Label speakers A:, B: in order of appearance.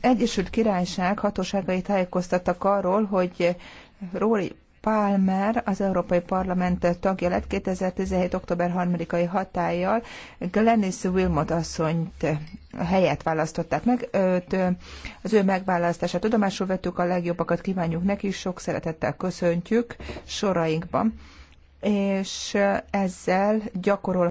A: Egyesült Királyság hatóságai tájékoztattak arról, hogy róli Palmer az Európai Parlament tagja lett 2017. október 3-ai hatállyal. Glenis Wilmot asszonyt helyet választották meg. Őt, az ő megválasztását tudomásul vettük, a legjobbakat kívánjuk neki, sok szeretettel köszöntjük sorainkban. És ezzel gyakorol